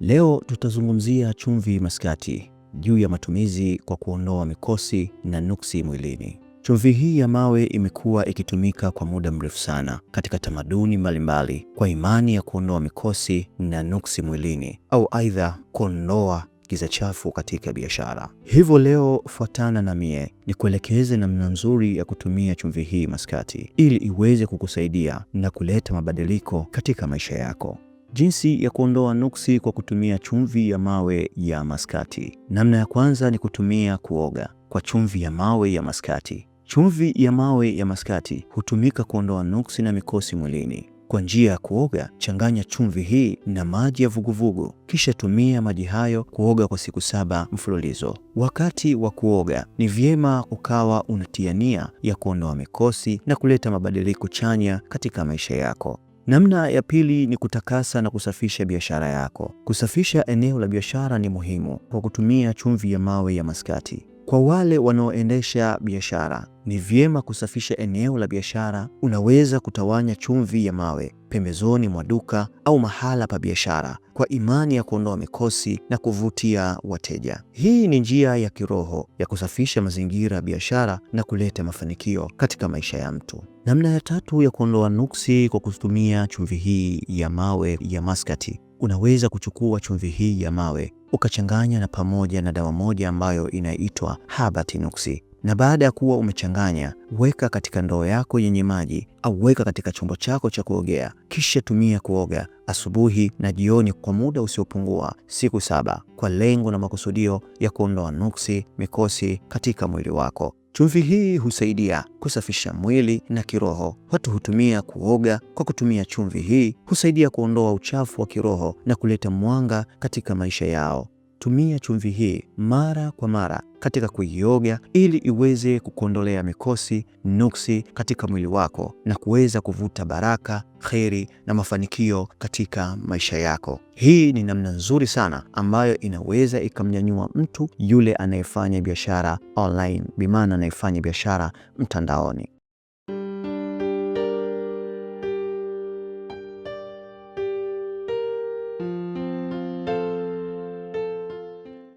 Leo tutazungumzia chumvi maskati, juu ya matumizi kwa kuondoa mikosi na nuksi mwilini. Chumvi hii ya mawe imekuwa ikitumika kwa muda mrefu sana katika tamaduni mbalimbali kwa imani ya kuondoa mikosi na nuksi mwilini, au aidha kuondoa giza chafu katika biashara. Hivyo leo fuatana na mie ni kuelekeze namna nzuri ya kutumia chumvi hii maskati ili iweze kukusaidia na kuleta mabadiliko katika maisha yako. Jinsi ya kuondoa nuksi kwa kutumia chumvi ya mawe ya maskati. Namna ya kwanza ni kutumia kuoga kwa chumvi ya mawe ya maskati. Chumvi ya mawe ya maskati hutumika kuondoa nuksi na mikosi mwilini. Kwa njia ya kuoga, changanya chumvi hii na maji ya vuguvugu, kisha tumia maji hayo kuoga kwa siku saba mfululizo. Wakati wa kuoga, ni vyema ukawa unatia nia ya kuondoa mikosi na kuleta mabadiliko chanya katika maisha yako. Namna ya pili ni kutakasa na kusafisha biashara yako. Kusafisha eneo la biashara ni muhimu kwa kutumia chumvi ya mawe ya maskati. Kwa wale wanaoendesha biashara, ni vyema kusafisha eneo la biashara. Unaweza kutawanya chumvi ya mawe pembezoni mwa duka au mahala pa biashara kwa imani ya kuondoa mikosi na kuvutia wateja. Hii ni njia ya kiroho ya kusafisha mazingira ya biashara na kuleta mafanikio katika maisha ya mtu. Namna ya tatu ya kuondoa nuksi kwa kutumia chumvi hii ya mawe ya maskati. Unaweza kuchukua chumvi hii ya mawe ukachanganya na pamoja na dawa moja ambayo inaitwa habatinuksi na baada ya kuwa umechanganya, weka katika ndoo yako yenye maji au weka katika chombo chako cha kuogea, kisha tumia kuoga asubuhi na jioni kwa muda usiopungua siku saba, kwa lengo na makusudio ya kuondoa nuksi mikosi katika mwili wako. Chumvi hii husaidia kusafisha mwili na kiroho. Watu hutumia kuoga kwa kutumia chumvi hii, husaidia kuondoa uchafu wa kiroho na kuleta mwanga katika maisha yao tumia chumvi hii mara kwa mara katika kuioga ili iweze kukuondolea mikosi, nuksi katika mwili wako na kuweza kuvuta baraka, kheri na mafanikio katika maisha yako. Hii ni namna nzuri sana ambayo inaweza ikamnyanyua mtu yule anayefanya biashara online, bimana anayefanya biashara mtandaoni.